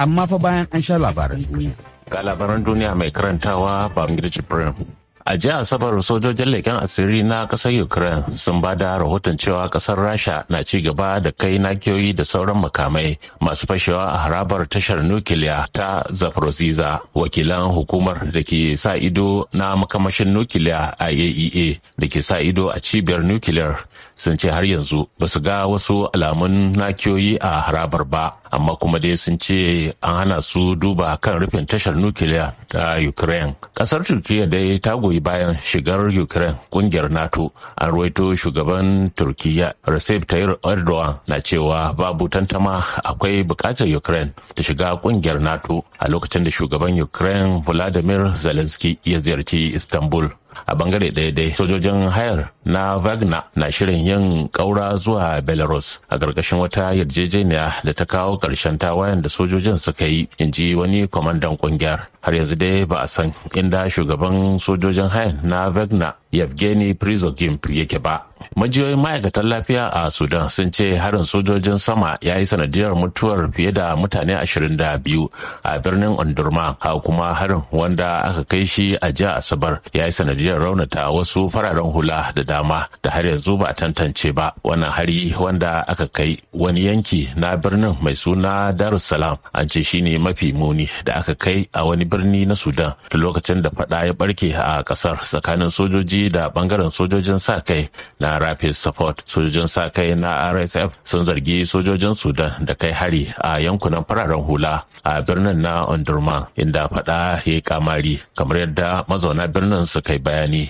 amma fa bayan an sha labaran duniya. Ga labaran duniya mai karantawa Babangida Jibrin. A jiya Asabar sojojin leken asiri na kasar Ukraine sun ba da rahoton cewa kasar Rasha na ci gaba da kai nakiyoyi da sauran makamai masu fashewa a harabar tashar nukiliya ta Zaporozhiza. Wakilan hukumar da ke sa ido na makamashin nukiliya e a da ke sa ido a cibiyar nukiliyar sun ce har yanzu ba su ga wasu alamun nakiyoyi a harabar ba. amma kuma dai sun ce an hana su duba kan rufin tashar nukiliya ta ukraine kasar turkiya dai ta goyi bayan shigar ukraine kungiyar nato an ruwaito shugaban turkiya recep tayyip erdogan na cewa babu tantama akwai bukatar ukraine ta shiga kungiyar nato a lokacin da shugaban ukraine vladimir zelensky ya ziyarci istanbul a bangare ɗaya dai sojojin hayar na wagner na shirin yin ƙaura zuwa belarus a ƙarƙashin wata yarjejeniya da ta kawo ƙarshen tawayen da sojojin suka yi in ji wani kwamandan ƙungiyar har yanzu dai ba a san inda shugaban sojojin hayar na wagner yevgeny prizogin yake ba majiyoyin ma'aikatan lafiya a sudan sun ce harin sojojin sama ya yi sanadiyar mutuwar fiye da mutane 22 a birnin ondurma ha kuma harin wanda aka kai shi a jiya asabar ya yi sanadiyar raunata wasu fararen hula da dama da har yanzu ba a tantance ba wannan hari wanda aka kai wani yanki na birnin mai suna darussalam an ce shine mafi muni da aka kai a wani birni na sudan da lokacin da fada ya barke a kasar tsakanin sojoji da bangaren sojojin sa kai na rapid support sojojin sa kai na rsf sun zargi sojojin sudan da kai hari a yankunan fararen hula a birnin na Ondurma inda faɗa ya yi kamari kamar yadda mazauna birnin su kai bayani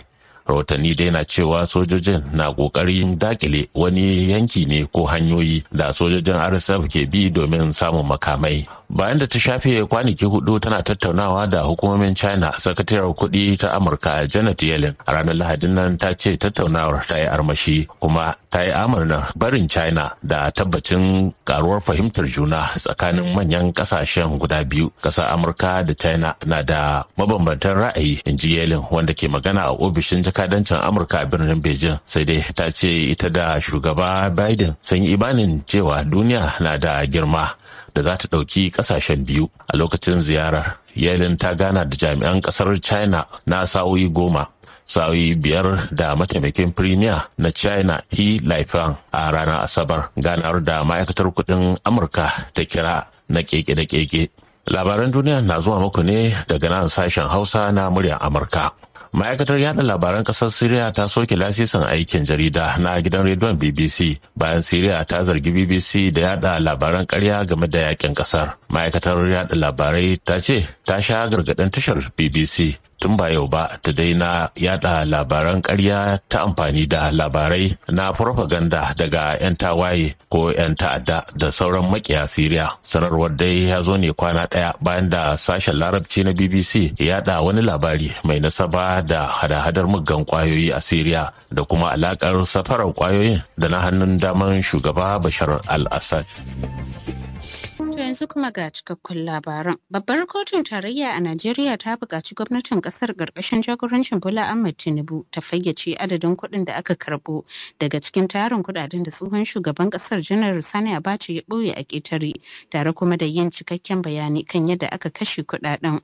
rahotanni dai na cewa sojojin na kokarin dakile wani yanki ne ko hanyoyi da sojojin rsf ke bi domin samun makamai bayan da ta shafe kwanaki hudu tana tattaunawa da hukumomin china sakatariyar kuɗi ta amurka janet yellen a ranar lahadin nan ta ce tattaunawar ta yi armashi kuma ta yi amurna barin china da tabbacin karuwar fahimtar juna tsakanin manyan kasashen guda biyu ƙasar amurka da china na da mabambantan ra'ayi in ji yellen wanda ke magana a ofishin jaka jakadancin amurka a birnin beijing sai dai ta ce ita da shugaba biden sun yi imanin cewa duniya na da girma da za ta ɗauki ƙasashen biyu a lokacin ziyarar Yalin ta gana da jami'an ƙasar china na sa'o'i goma sa'o'i biyar da mataimakin firimiya na china he laifang a ranar asabar ganar da ma'aikatar kuɗin amurka ta kira na keke da keke labaran duniya na zuwa muku ne daga nan sashen hausa na muryar amurka ma'aikatar yada labaran kasar syria ta soke lasisin aikin jarida na gidan rediyon bbc bayan syria ta zargi bbc da yada labaran karya game da yakin kasar ma'aikatar yada labarai ta ce ta sha gargaɗin tashar bbc tun ba yau ba ta daina yada labaran karya ta amfani da labarai na propaganda daga 'yan tawaye ko 'yan ta'adda da sauran makiya siriya sanarwar dai ya zo ne kwana ɗaya bayan da sashen larabci na bbc yada wani labari mai nasaba da hada-hadar muggan kwayoyi a Siriya da kuma alakar safarar kwayoyin da na hannun damar shugaba Bashar al-Assad. yanzu kuma ga cikakkun labaran. Babbar kotun tarayya a Najeriya ta buƙaci gwamnatin ƙasar ƙarƙashin jagorancin Bola Ahmed Tinubu ta fayyace adadin kuɗin da aka karɓo daga cikin tarin kuɗaɗen da tsohon shugaban ƙasar Janar Sani Abacha ya ɓoye a ƙetare tare kuma da yin cikakken bayani kan yadda aka kashe kuɗaɗen.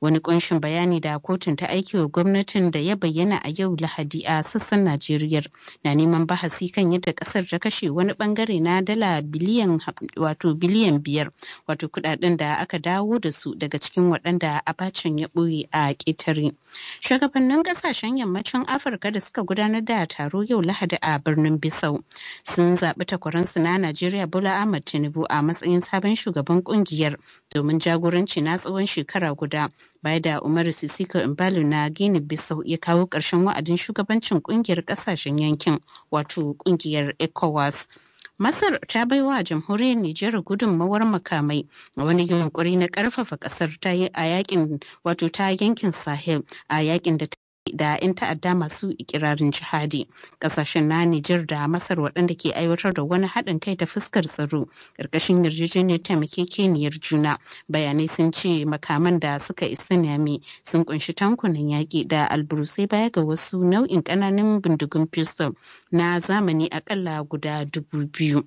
Wani ƙunshin bayani da kotun ta aiki wa gwamnatin da ya bayyana a yau Lahadi a sassan Najeriya na neman bahasi kan yadda ƙasar ta kashe wani ɓangare na dala biliyan wato biliyan biyar wato kudaden da aka dawo da su daga cikin waɗanda abacin ya ɓoye a ƙetare shugabannin ƙasashen yammacin afirka da suka gudanar da taro yau lahadi a birnin bisau sun zaɓi takwaransu na najeriya bola ahmad tinubu a matsayin sabon shugaban ƙungiyar domin jagoranci na tsawon shekara guda baya da umaru sisiko imbalu na gini bisau ya kawo ƙarshen wa'adin shugabancin ƙungiyar ƙasashen yankin wato ƙungiyar ecowas Masar ta bai wa jamhuriyar Nijar gudunmawar makamai a wani yunkuri na karfafa kasar ta yi a yakin wato ta yankin Sahel a yakin da da 'yan ta'adda masu ikirarin jihadi kasashen na Nijar da Masar waɗanda ke aiwatar da wani haɗin kai ta fuskar tsaro ƙarƙashin yarjejeniyar taimakekeniyar juna bayanai sun ce makaman da suka isa Nami sun kunshi tankunan yaƙi da alburusai baya ga wasu nau'in ƙananan bindigun pistol na zamani akalla guda dubu biyu.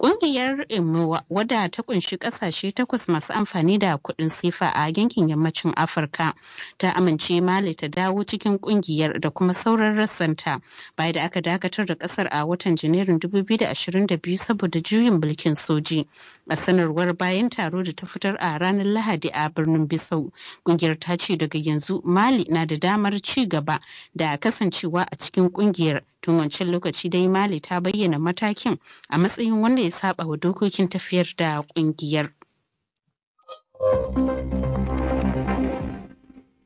Ƙungiyar Imowa wadda ta kunshi ƙasashe takwas masu amfani da kuɗin sifa a yankin yammacin Afirka ta amince Mali ta dawo cikin ƙungiyar da kuma sauran rassanta bayan da aka dakatar da ƙasar a watan Janairun 2022 saboda juyin mulkin soji. A sanarwar bayan taro da ta fitar a ranar Lahadi a birnin Bisau, ƙungiyar ta ce daga yanzu Mali na da damar ci gaba da kasancewa a cikin ƙungiyar tun wancan lokaci dai mali ta bayyana matakin a matsayin wanda ya saba wa dokokin tafiyar da kungiyar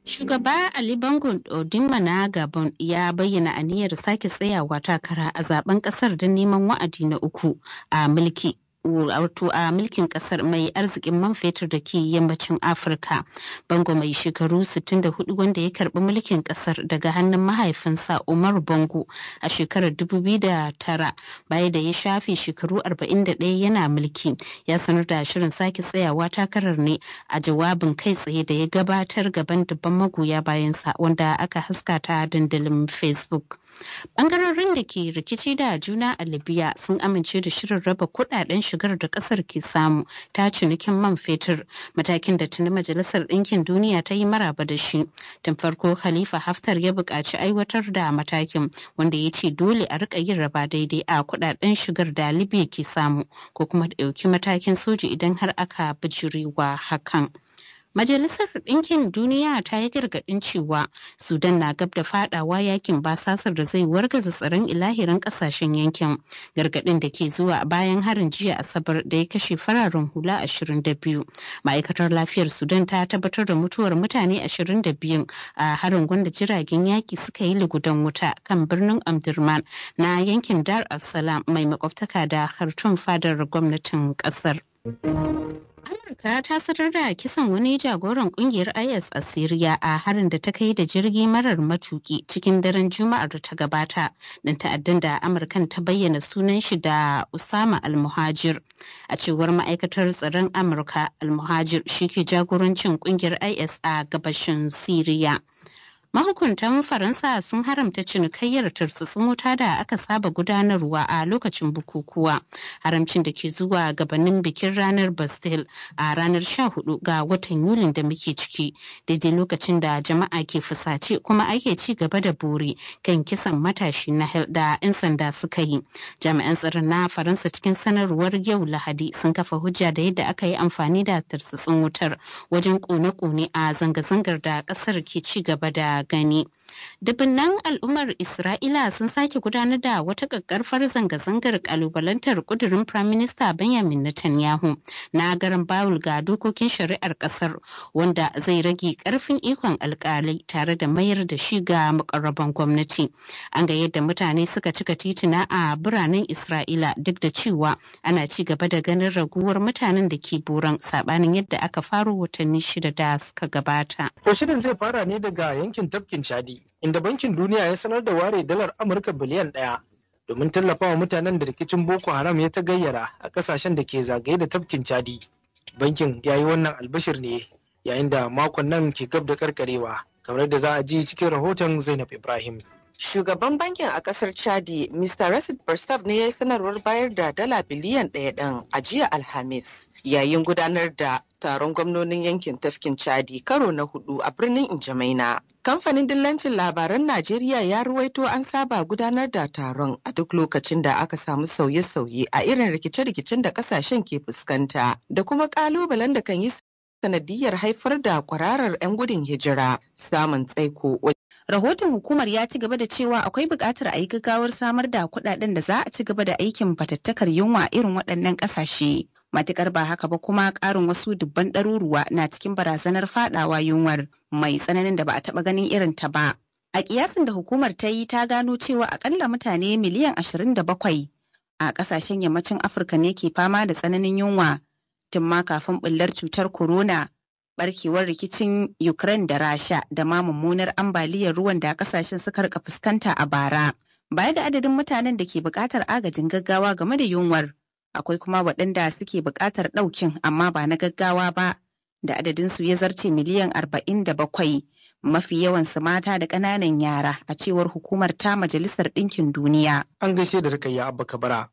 Shugaba Ali Bango Odinma na Gabon ya bayyana aniyar sake tsayawa takara a zaben kasar don neman wa'adi na uku a mulki wato a mulkin kasar mai arzikin man fetur da ke yammacin afirka bango mai shekaru 64 wanda ya karbi mulkin kasar daga hannun mahaifinsa umar bango a shekarar 2009 bayan da ya shafe shekaru 41 yana mulki ya sanar da shirin sake tsayawa takarar ne a jawabin kai tsaye da ya gabatar gaban dubban magoya bayansa wanda aka haska ta dandalin facebook bangarorin da ke rikici da juna a libya sun amince da shirin raba kudaden shigar da kasar ke samu ta cinikin man fetur matakin da tuni majalisar ɗinkin duniya ta yi maraba da shi tun farko khalifa haftar ya buƙaci aiwatar da matakin wanda ya ce dole a rika yin raba daidai a kudaden shigar da libya ke samu ko kuma ɗauki matakin soji idan har aka bijirewa hakan. Majalisar Ɗinkin Duniya ta yi gargaɗin cewa Sudan na gab da fadawa yakin basasar da zai wargaza tsaron ilahirin ƙasashen yankin. Gargaɗin da ke zuwa bayan harin jiya Asabar da ya kashe fararen hula 22. Ma'aikatar lafiyar Sudan ta tabbatar da mutuwar mutane 22 a harin gwanda jiragen yaki suka yi lugudan wuta kan birnin Amdurman na yankin Dar es Salaam mai makwabtaka da hartun fadar gwamnatin ƙasar. Amurka ta sanar da kisan wani jagoran kungiyar IS a Siriya a harin da ta kai da jirgi marar matuki cikin daren Juma'ar da ta gabata don ta'addan da Amurkan ta bayyana sunan shi da Usama Almuhajir. A cewar ma'aikatar tsaron Amurka, Almuhajir shi ke jagorancin kungiyar IS a gabashin Siriya. Mahukuntan Faransa sun haramta cinikayyar tarsatsin wuta da aka saba gudanarwa a lokacin bukukuwa. Haramcin da ke zuwa gabanin bikin ranar Bastille a ranar 14 ga watan Yulin da muke ciki, daidai lokacin da jama'a ke fusace kuma ake ci gaba da bore kan kisan matashi na da 'yan sanda suka yi. Jami'an tsaron na Faransa cikin sanarwar yau Lahadi sun kafa hujja da yadda aka yi amfani da tarsatsin wutar wajen kone-kone a zanga-zangar da ƙasar ke ci gaba da gani. Dubunnan al'ummar Isra'ila sun sake gudanar da wata ƙaƙƙarfar zanga-zangar ƙalubalantar ƙudurin Prime Minister Benjamin Netanyahu na garin Bawul ga dokokin shari'ar ƙasar wanda zai rage ƙarfin ikon alƙalai tare da mayar da shi ga makarraban gwamnati. An ga yadda mutane suka cika titina a biranen Isra'ila duk da cewa ana ci gaba da ganin raguwar mutanen da ke buran saɓanin yadda aka faro watanni shida da suka gabata. To shirin zai fara ne daga yankin tafkin Chadi, inda Bankin Duniya ya sanar da ware dalar Amurka biliyan ɗaya domin tallafawa mutanen da rikicin Boko Haram ya ta gayyara a ƙasashen da ke zagaye da tafkin Chadi. Bankin ya yi wannan albashir ne yayin da makon nan ke gab da karkarewa, kamar da za a ji cikin rahoton Zainab Ibrahim. Shugaban bankin a kasar Chadi, Mr. Rasid barstab ne ya yi sanarwar bayar da dala biliyan ɗaya ɗin a jiya Alhamis yayin gudanar da taron gwamnonin yankin tafkin Chadi karo na hudu a birnin Injamaina. Kamfanin dillancin labaran Najeriya ya ruwaito an saba gudanar da taron a duk lokacin da aka samu sauye-sauye a irin rikice-rikicen da kasashen ke fuskanta da kuma kalubalen da kan yi sanadiyar haifar da kwararar 'yan gudun hijira samun tsaiko Rahoton hukumar ya ci gaba da cewa akwai buƙatar a yi gaggawar samar da kuɗaɗen da za a ci gaba da aikin fatattakar yunwa irin waɗannan ƙasashe. Matuƙar ba haka ba kuma ƙarin wasu dubban ɗaruruwa na cikin barazanar faɗawa yunwar mai tsananin da ba a taɓa ganin irin ta ba. A kiyasin da hukumar ta yi ta gano cewa akalla mutane miliyan ashirin da bakwai a ƙasashen yammacin Afirka ne ke fama da tsananin yunwa tun ma kafin bullar cutar corona barkewar rikicin Ukraine da Rasha da ma mummunar ambaliyar ruwan da kasashen suka rika fuskanta a bara. Baya ga adadin mutanen da ke buƙatar agajin gaggawa game da yunwar, akwai kuma waɗanda suke buƙatar ɗaukin amma ba na gaggawa ba, da adadin su ya zarce miliyan arba'in da bakwai, mafi yawan su mata da ƙananan yara a cewar hukumar ta Majalisar Ɗinkin Duniya. An gaishe da rikayya Abba Kabara.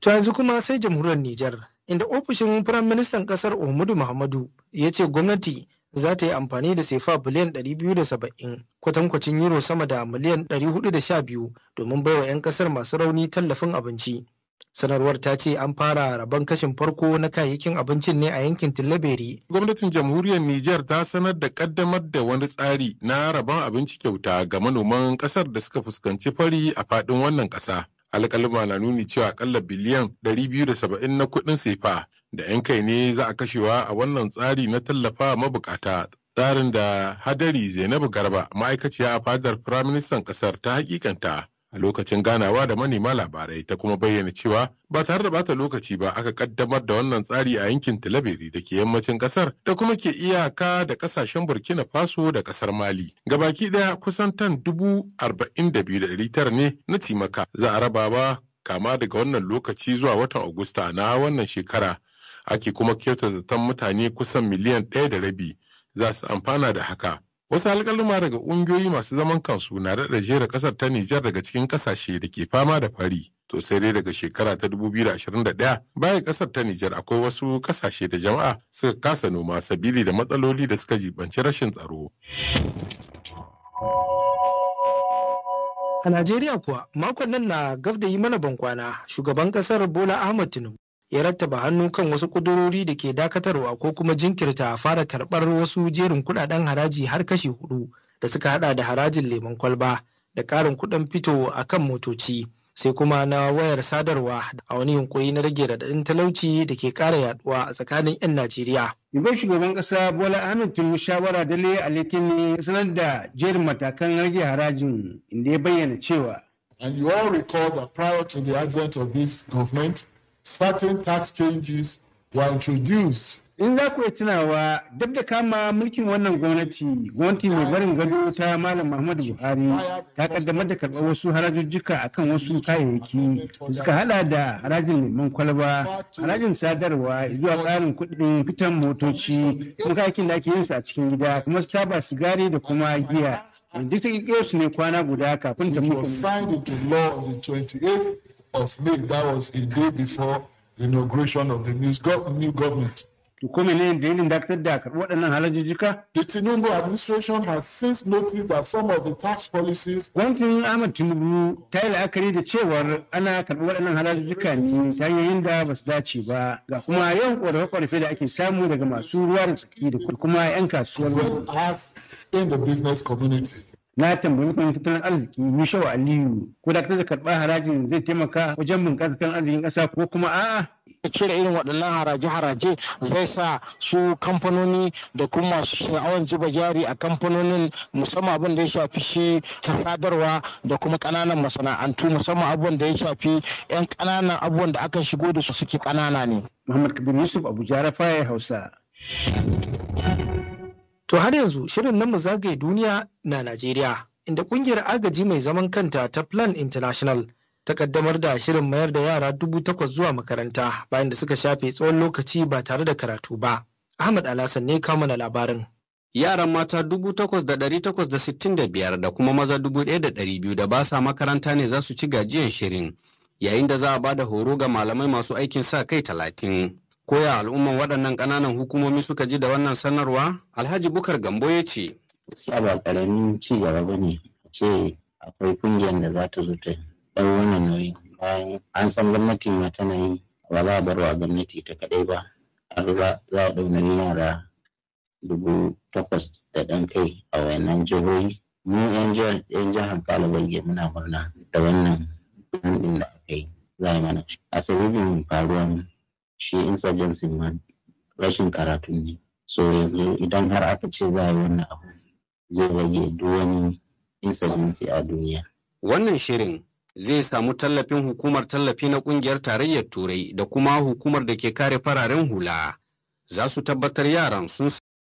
To yanzu kuma sai jamhuriyar Nijar inda ofishin ministan ƙasar Umudu Muhammadu ya ce gwamnati za ta yi amfani da sefa biliyan 270 kwatankwacin euro sama da miliyan 412 domin baiwa 'yan kasar masu rauni tallafin abinci. sanarwar ta ce an fara rabon kashin farko na kayayyakin abincin ne a yankin tillaberi gwamnatin jamhuriyar Nijar ta sanar da kaddamar da wani tsari na rabon abinci kyauta ga manoman kasar da suka fuskanci fari a faɗin wannan ƙasa alƙalma na nuni cewa akalla biliyan 270 na kuɗin sefa da 'yan kai ne za a kashewa a wannan tsari na tallafa mabukata tsarin da hadari zainabu garba ma'aikaciya a fadar firaministan ƙasar ta hakikanta a lokacin ganawa da manema labarai ta kuma bayyana cewa ba tare da bata lokaci ba aka kaddamar da wannan tsari a yankin talabiri da ke yammacin kasar da kuma ke iyaka da kasashen Burkina Faso da kasar Mali. Gabaki daya kusan tan dubu arba'in da biyu da tara ne na cimaka za a raba ba kama daga wannan lokaci zuwa watan Agusta na wannan shekara ake kuma kyautata mutane kusan miliyan ɗaya da rabi za su amfana da haka. Wasu alƙaluma daga ƙungiyoyi masu zaman kansu na daɗa jera ƙasar ta Nijar daga cikin ƙasashe da ke fama da fari. To sai dai daga shekara ta 2021 bayan ƙasar ta Nijar akwai wasu ƙasashe da jama'a suka kasa noma sabili da matsaloli da suka jibanci rashin tsaro. A Najeriya kuwa makon nan na gab da yi mana bankwana shugaban ƙasar Bola Ahmad Tinubu ya rattaba hannu kan wasu ƙudurori da ke dakatarwa ko kuma jinkirta a fara karɓar wasu jerin kuɗaɗen haraji har kashi hudu da suka hada da harajin lemon kwalba da karin kuɗin fito a kan motoci sai kuma na wayar sadarwa a wani yunkuri na rage raɗaɗin talauci da ke kara yaduwa a tsakanin 'yan Najeriya. Ibai shugaban ƙasa Bola Ahmed tun shawara dale a ne sanar da jerin matakan rage harajin inda ya bayyana cewa. And you all recall that prior to the advent of this government, certain tax changes were introduced. In za ku tunawa duk da kama mulkin wannan gwamnati, gwamnati mai barin gado ta Malam Muhammadu Buhari ta kaddamar da karɓar wasu harajujjuka kan wasu kayayyaki suka hada da harajin neman kwalba, harajin sadarwa zuwa ƙarin kuɗin fitan motoci, sun aikin da ake yin su a cikin gida, kuma su taba sigari da kuma giya. Duk ta su ne kwana guda kafin ta mutu. of May. That was a day before the inauguration of the new, new government. The Tinubu administration has since noticed that some of the tax policies. Gwamnatin Ahmad Tinubu ta yi la'akari da cewar ana karɓi waɗannan harajujjuka ne ta hanyoyin da ba su dace ba ga kuma yawan ƙorafe-ƙorafe da ake samu daga masu ruwa da tsaki da kuma 'yan kasuwar. As in the business community. na tambayi mutanen tattalin arziki Yushewa Aliyu ko da da karɓar harajin zai taimaka wajen bunƙasa tattalin arzikin ƙasa ko kuma a'a cire irin waɗannan haraje-haraje zai sa su kamfanoni da kuma masu sha'awar zuba jari a kamfanonin musamman abin da ya shafi shi sadarwa da kuma ƙananan masana'antu musamman abin da ya shafi 'yan ƙananan abubuwan da aka shigo da su suke ƙanana ne. Muhammad Kabir Yusuf Abuja Rafaye Hausa. To har yanzu shirin na mu zagaye duniya na Najeriya inda kungiyar agaji mai zaman kanta ta Plan International ta kaddamar da shirin mayar da yara dubu takwas zuwa makaranta bayan da suka shafe tsawon lokaci ba tare da karatu ba. Ahmad Alasan ne kamana labarin. Yaran mata dubu takwas da ɗari takwas da sittin da biyar da kuma maza dubu ɗaya da ɗari biyu da ba sa makaranta ne za su ci gajiyan shirin yayin da za a ba da horo ga malamai masu aikin sa kai talatin. Koya al'umman waɗannan ƙananan hukumomi suka ji da wannan sanarwa? Alhaji Bukar Gambo ya ce. Gaskiya ba ƙaramin ci gaba ba ne ce akwai ƙungiyar da za ta zo ta ɗau wannan nauyi bayan an san gwamnati ma tana yi ba za a bar wa gwamnati ta kaɗai ba har za a ɗau nauyi yara dubu takwas da ɗan kai a wannan jihohi. Mu 'yan jihar Kalabalge muna murna da wannan ɗin da aka yi za a yi mana. faruwan shi insurgency ma rashin karatu ne so yanzu idan har aka ce za a yi wannan abu zai rage duk wani insurgency a duniya wannan shirin zai samu tallafin hukumar tallafi na kungiyar tarayyar turai da kuma hukumar da ke kare fararen hula za su tabbatar yaran sun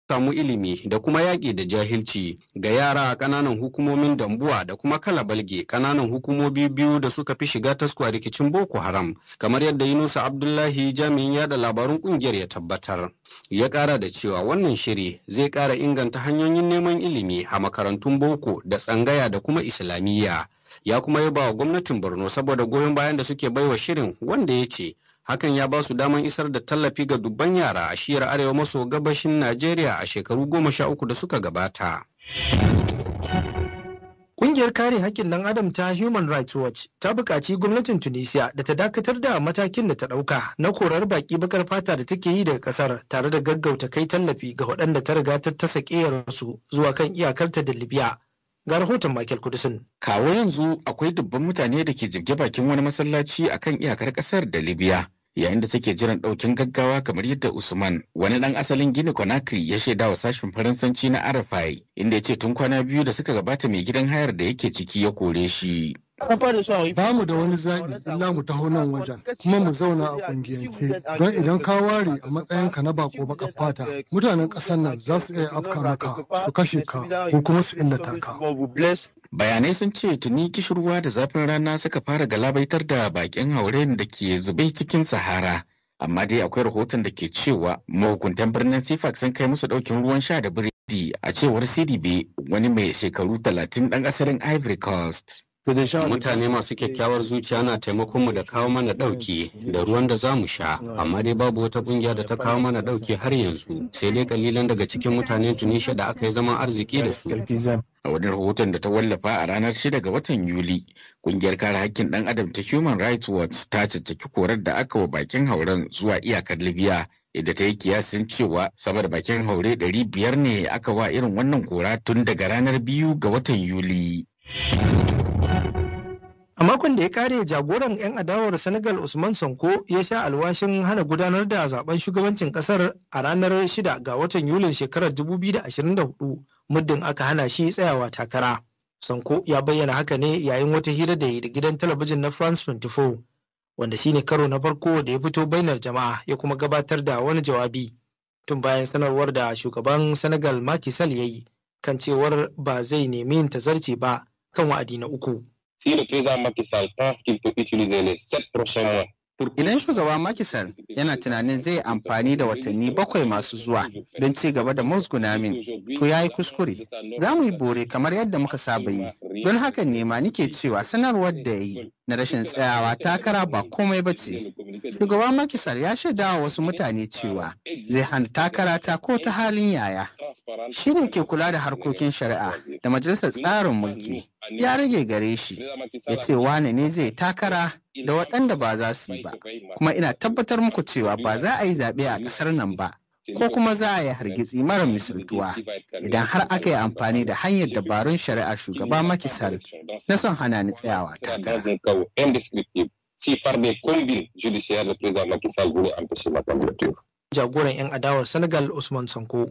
samu ilimi da kuma yaƙi da jahilci ga yara ƙananan hukumomin dambuwa da kuma kalabalge ƙananan hukumomi biyu da suka fi shiga taskwa rikicin boko haram kamar yadda yunusa abdullahi jami'in yada labarun ƙungiyar ya tabbatar ya ƙara da cewa wannan shiri zai ƙara inganta hanyoyin neman ilimi a makarantun boko da tsangaya da kuma islamiyya ya kuma yaba wa gwamnatin borno saboda goyon bayan da suke baiwa shirin wanda ya ce Hakan ya ba su daman isar da tallafi ga dubban yara a shiyar arewa maso gabashin Najeriya a shekaru goma sha uku da suka gabata. kungiyar kare haƙƙin ɗan adam ta Human Rights Watch ta buƙaci gwamnatin Tunisia da ta dakatar da matakin da ta ɗauka na korar baƙi bakar fata da take yi daga ƙasar tare da gaggauta kai tallafi ga waɗanda ta riga ta tasa su zuwa kan iyakarta da Libya. Ga rahoton Michael Kudusin. Kawo yanzu akwai dubban mutane da ke jirge bakin wani masallaci akan iyakar ƙasar da Libya. yayin da suke jiran ɗaukin gaggawa kamar yadda Usman wani ɗan asalin Gini Conakry ya shaida wa sashen Faransanci na Arafai inda ya ce tun kwana biyu da suka gabata mai gidan hayar da yake ciki ya kore shi. Ba mu da wani zaɓi illa mu taho nan wajen kuma mu zauna a ƙungiyance don idan ka ware a matsayinka na bako baka fata mutanen ƙasar nan za su iya afka maka su kashe ka ko kuma su illata ka. bayanai sun ce tuni kishirwa da zafin rana suka fara galabaitar da bakin hauren da ke zube cikin sahara amma dai akwai rahoton da ke cewa mahukuntan birnin sifak sun kai musu daukin ruwan sha da biredi a cewar cdb wani mai shekaru 30 dan asalin ivory coast Mutane masu kyakkyawar zuciya na taimakon mu da kawo mana ɗauki da ruwan da za mu sha, amma dai babu wata ƙungiya da ta kawo mana ɗauki har yanzu, sai dai kalilan daga cikin mutanen Tunisia da aka yi zaman arziki da su. A wani rahoton da ta wallafa a ranar 6 ga watan Yuli, ƙungiyar kare hakkin ɗan adam ta Human Rights Watch ta caccaki korar da aka wa bakin hauren zuwa iyakar Libya. Inda ta yi kiyasin cewa sama da bakin haure 500 ne aka wa irin wannan kora tun daga ranar biyu ga watan Yuli. A makon da ya kare jagoran 'yan adawar Senegal Usman Sanko ya sha alwashin hana gudanar da zaben shugabancin kasar a ranar 6 ga watan Yulin shekarar 2024 muddin aka hana shi tsayawa takara. Sanko ya bayyana haka ne yayin wata hira da da gidan talabijin na France 24 wanda shine karo na farko da ya fito bainar jama'a ya kuma gabatar da wani jawabi tun bayan sanarwar da shugaban Senegal Macky Sall ya kan cewar ba zai nemi yin tazarci ba kan wa'adi na uku. si le président Macky Sall pense qu'il peut utiliser les sept prochains mois Idan shugaban Makisal yana tunanin zai amfani da watanni bakwai masu zuwa don ci gaba da musguna min, to ya yi kuskure. Za mu yi bore kamar yadda muka saba yi, don hakan ne ma nike cewa sanarwar da ya yi na rashin tsayawa takara ba komai ba ce. Shugaban Makisal ya shaida wa wasu mutane cewa zai hana takara ta ko ta halin yaya. Shi ne ke kula da harkokin shari'a da majalisar tsarin mulki. ya rage gare shi ya ce wane ne zai takara da waɗanda ba za su yi ba kuma ina tabbatar muku cewa ba za a yi zaɓe a ƙasar nan ba ko kuma za a yi hargitsi mara misaltuwa idan har aka yi amfani da hanyar dabarun shari'a shugaba makisar na son hana ni tsayawa takara. Jagoran 'yan adawar Senegal Usman Sanko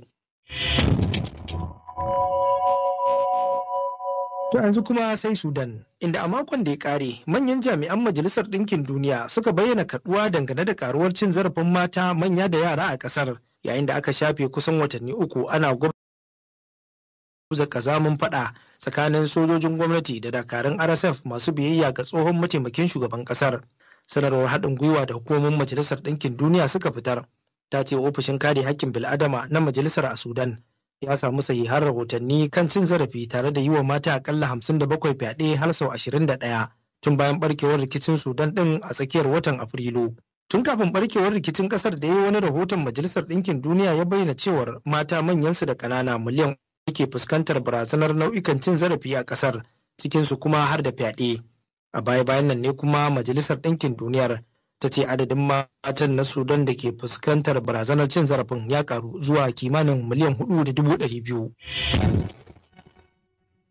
To yanzu kuma sai Sudan, inda a makon da ya kare manyan jami'an Majalisar Ɗinkin Duniya suka bayyana kaduwa dangane da karuwar cin zarafin mata manya da yara a ƙasar yayin da aka shafe kusan watanni uku ana gwamnati kazamin fada tsakanin sojojin gwamnati da dakarun RSF masu biyayya ga tsohon mataimakin shugaban ƙasar. Sanarwar haɗin gwiwa da hukumomin Majalisar Ɗinkin Duniya suka fitar ta ce ofishin kare haƙƙin bil'adama na Majalisar a Sudan ya samu sahihan rahotanni kan cin zarafi tare da yi wa mata akalla 57 fyaɗe har sau 21 tun bayan barkewar rikicin sudan ɗin a tsakiyar watan afrilu tun kafin barkewar rikicin ƙasar da ya yi wani rahoton majalisar ɗinkin duniya ya bayyana cewar mata manyansu da ƙanana miliyan ke fuskantar barazanar nau'ikan cin zarafi a ƙasar cikinsu kuma har da fyaɗe a baya bayan nan ne kuma majalisar ɗinkin duniyar ta ce adadin matan na sudan da ke fuskantar barazanar cin zarafin ya karu zuwa kimanin miliyan hudu da dubu dari biyu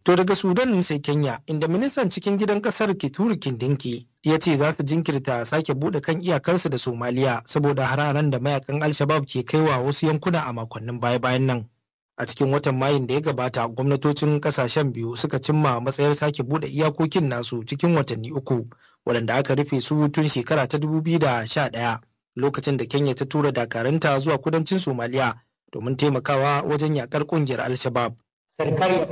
To daga Sudan sai Kenya, inda ministan cikin gidan kasar Kituri Kindinki ya ce za su jinkirta sake bude kan iyakarsu da Somaliya saboda hararen da mayakan Alshabab ke kaiwa wasu yankuna a makonnin baya-bayan nan. A cikin watan Mayin da ya gabata, gwamnatocin kasashen biyu suka cimma matsayar sake bude iyakokin nasu cikin watanni uku, waɗanda aka rufe su tun shekara ta dubu da ɗaya, lokacin da Kenya ta tura dakaranta zuwa kudancin Somaliya domin taimakawa wajen yakar kungiyar al shabab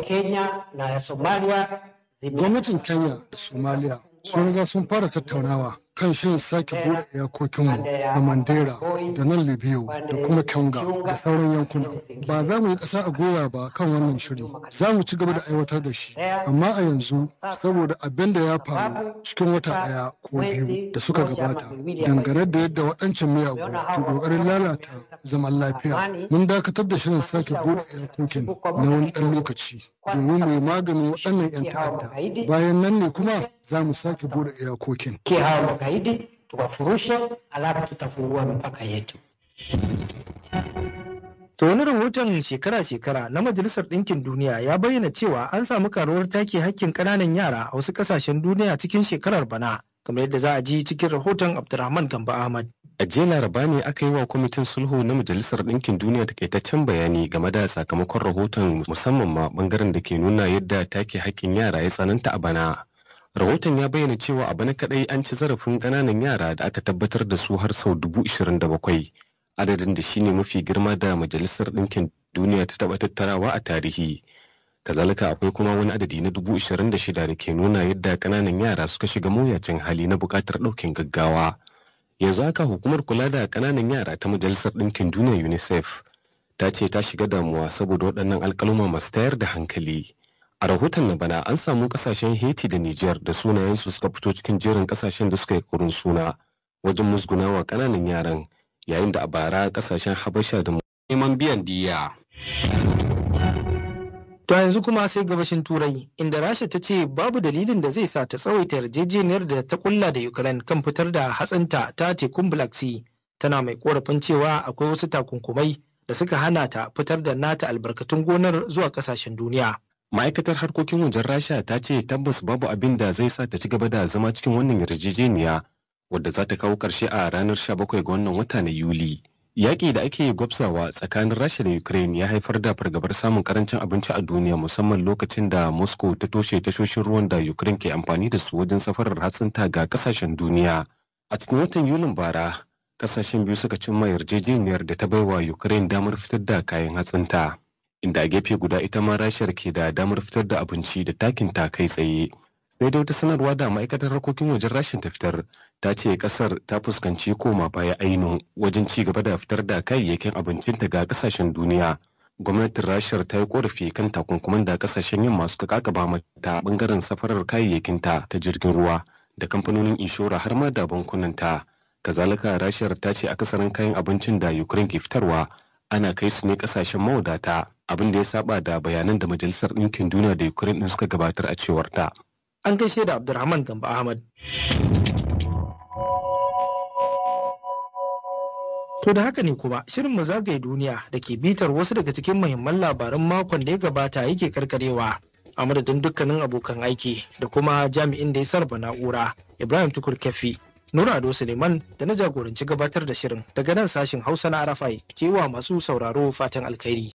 Kenya na Somaliya. Gwamnatin Kenya da Somaliya sun riga sun fara tattaunawa kan shirin sake buɗe iyakokinmu na mandera da nan libiyo da kuma kyanga da sauran yankuna ba za mu yi ƙasa a goya ba kan wannan shiri za mu ci gaba da aiwatar da shi amma a yanzu saboda abin da ya faru cikin wata ɗaya ko biyu da suka gabata dangane da yadda waɗancan miyagu ke ƙoƙarin lalata zaman lafiya mun dakatar da shirin sake bude iyakokin na wani ɗan lokaci domin mai maganin waɗannan 'yan ta'adda bayan nan ne kuma za mu sake bude iyakokin. magaidi tuwafurushe, alafu tutafungua mipaka yetu. To wani rahoton shekara-shekara na Majalisar Ɗinkin Duniya ya bayyana cewa an samu karuwar take hakkin ƙananan yara a wasu ƙasashen duniya cikin shekarar bana, kamar yadda za a ji cikin rahoton Abdulrahman Gamba Ahmad. A jiya laraba ne aka yi wa kwamitin sulhu na Majalisar Ɗinkin Duniya takaitaccen bayani game da sakamakon rahoton musamman ma bangaren da ke nuna yadda take hakkin yara ya tsananta a bana. rahoton ya bayyana cewa a bana kadai an ci zarafin kananan yara da aka tabbatar da su har sau dubu ishirin da bakwai adadin da shine mafi girma da majalisar ɗinkin duniya ta taɓa tattarawa a tarihi kazalika akwai kuma wani adadi na dubu ishirin da shida da ke nuna yadda kananan yara suka shiga mawuyacin hali na buƙatar ɗaukin gaggawa yanzu haka hukumar kula da ƙananan yara ta majalisar ɗinkin duniya unicef ta ce ta shiga damuwa saboda waɗannan alƙaluma masu tayar da hankali A rahoton na bana an samu kasashen Haiti da Nijar da sunayensu suka fito cikin jerin kasashen da suka yi kurin suna wajen musgunawa kananan yaran yayin da a bara kasashen Habasha da neman biyan diya. To yanzu kuma sai gabashin Turai inda Rasha ta ce babu dalilin da zai sa ta tsawaita yarjejeniyar da ta kulla da Ukraine kan fitar da hatsinta ta tekun Black Sea tana mai korafin cewa akwai wasu takunkumai da suka hana ta fitar da nata albarkatun gonar zuwa kasashen duniya. ma'aikatar harkokin wajen rasha ta ce tabbas babu abin da zai sa ta ci gaba da zama cikin wannan yarjejeniya wadda za ta kawo ƙarshe a ranar 17 ga wannan wata na yuli yaƙi da ake gwabsawa tsakanin rasha da ukraine ya haifar da fargabar samun karancin abinci a duniya musamman lokacin da moscow ta toshe tashoshin ruwan da ukraine ke amfani da su wajen safarar hatsinta ga kasashen duniya a cikin watan yulin bara kasashen biyu suka cimma yarjejeniyar da ta baiwa ukraine damar fitar da kayan hatsinta inda a gefe guda ita ma rashiyar ke da damar fitar da abinci da takin ta kai tsaye sai dai wata sanarwa da ma'aikatar harkokin wajen rashin ta fitar ta ce kasar ta fuskanci koma baya aino wajen ci gaba da fitar da kayayyakin abincin ga kasashen duniya gwamnatin rashiyar ta yi korafi kan takunkuman da kasashen yamma kaka kakaba mata bangaren safarar kayayyakinta ta jirgin ruwa da kamfanonin inshora har ma da bankunan ta. kazalika rashiyar ta ce akasarin kayan abincin da ukraine ke fitarwa ana kai su ne kasashen mawadata abin da ya saba da bayanan da majalisar ɗinkin duniya da ukraine ɗin suka gabatar a cewar ta an gaishe da abdulrahman gamba ahmad To da haka ne kuma shirin mu zagaye duniya da ke bitar wasu daga cikin muhimman labaran makon da ya gabata yake karkarewa a madadin dukkanin abokan aiki da kuma jami'in da ya sarba na'ura Ibrahim Tukur Kefi. Nura Ado Suleiman da na jagoranci gabatar da shirin daga nan sashin Hausa na Arafai kewa masu sauraro fatan alkhairi.